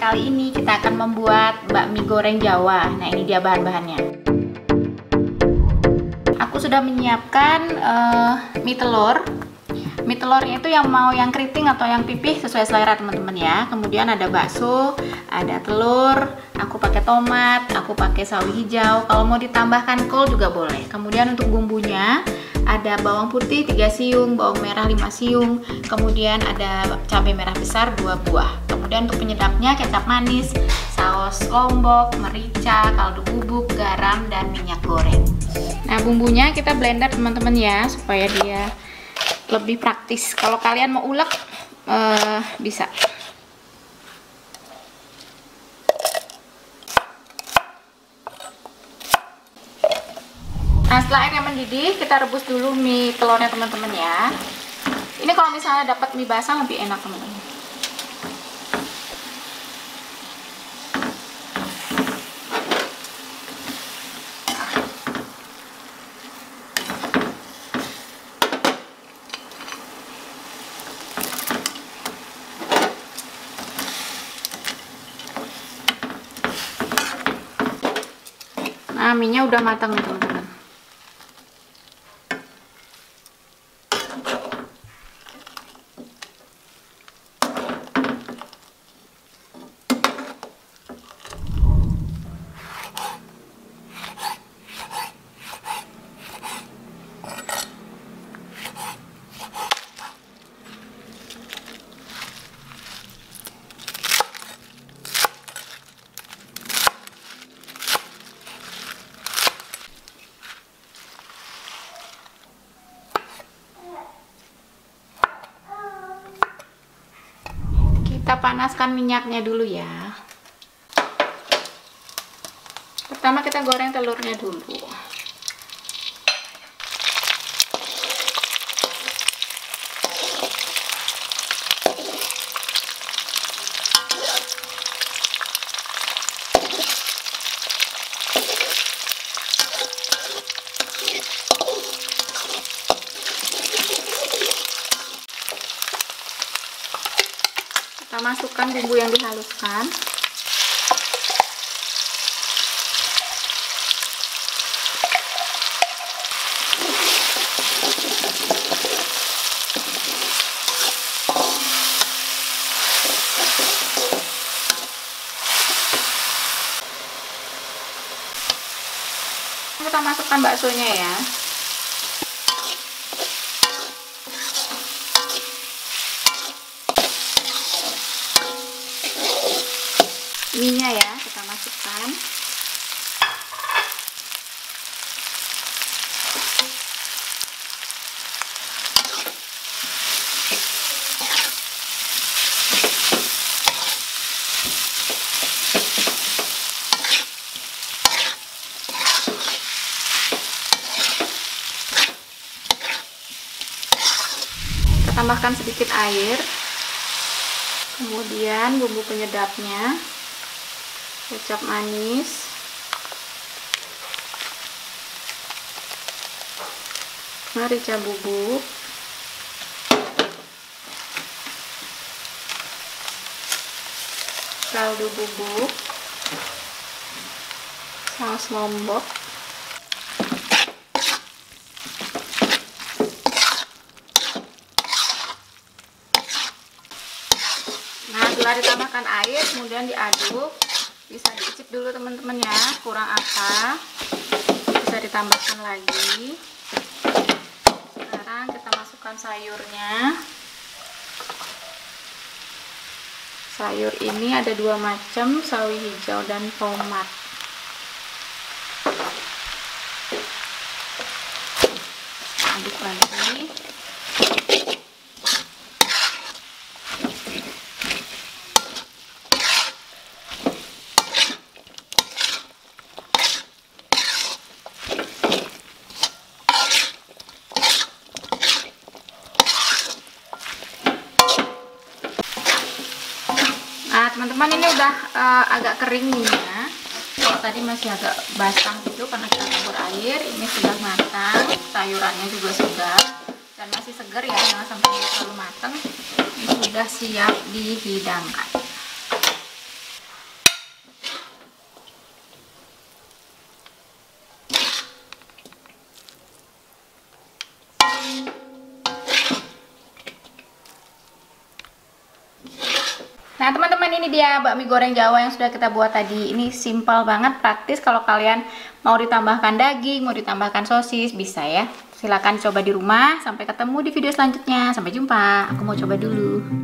kali ini kita akan membuat bakmi goreng Jawa. Nah, ini dia bahan-bahannya. Aku sudah menyiapkan uh, mie telur. Mie telurnya itu yang mau yang keriting atau yang pipih sesuai selera teman-teman ya. Kemudian ada bakso, ada telur, aku pakai tomat, aku pakai sawi hijau. Kalau mau ditambahkan kol juga boleh. Kemudian untuk bumbunya ada bawang putih 3 siung, bawang merah 5 siung, kemudian ada cabai merah besar 2 buah. Kemudian untuk penyedapnya kecap manis, saus lombok, merica, kaldu bubuk, garam, dan minyak goreng. Nah bumbunya kita blender teman-teman ya supaya dia lebih praktis. Kalau kalian mau ulek uh, bisa. Nah setelah airnya mendidih kita rebus dulu mie telurnya teman-teman ya. Ini kalau misalnya dapat mie basah lebih enak teman-teman. Aminya ah, udah matang teman-teman kita panaskan minyaknya dulu ya pertama kita goreng telurnya dulu masukkan bumbu yang dihaluskan kita masukkan baksonya ya minyak ya kita masukkan tambahkan sedikit air kemudian bumbu penyedapnya kecap manis merica bubuk kaldu bubuk saus lombok nah setelah ditambahkan air kemudian diaduk bisa dicicip dulu teman-teman ya kurang apa bisa ditambahkan lagi sekarang kita masukkan sayurnya sayur ini ada dua macam sawi hijau dan tomat aduk lagi teman-teman ini udah uh, agak kering ya kalau tadi masih agak basah gitu karena kita campur air ini sudah matang sayurannya juga sudah dan masih segar ya jangan sampai terlalu matang ini sudah siap dihidangkan Nah teman-teman ini dia bakmi goreng jawa yang sudah kita buat tadi Ini simple banget, praktis kalau kalian mau ditambahkan daging, mau ditambahkan sosis, bisa ya Silahkan coba di rumah, sampai ketemu di video selanjutnya Sampai jumpa, aku mau coba dulu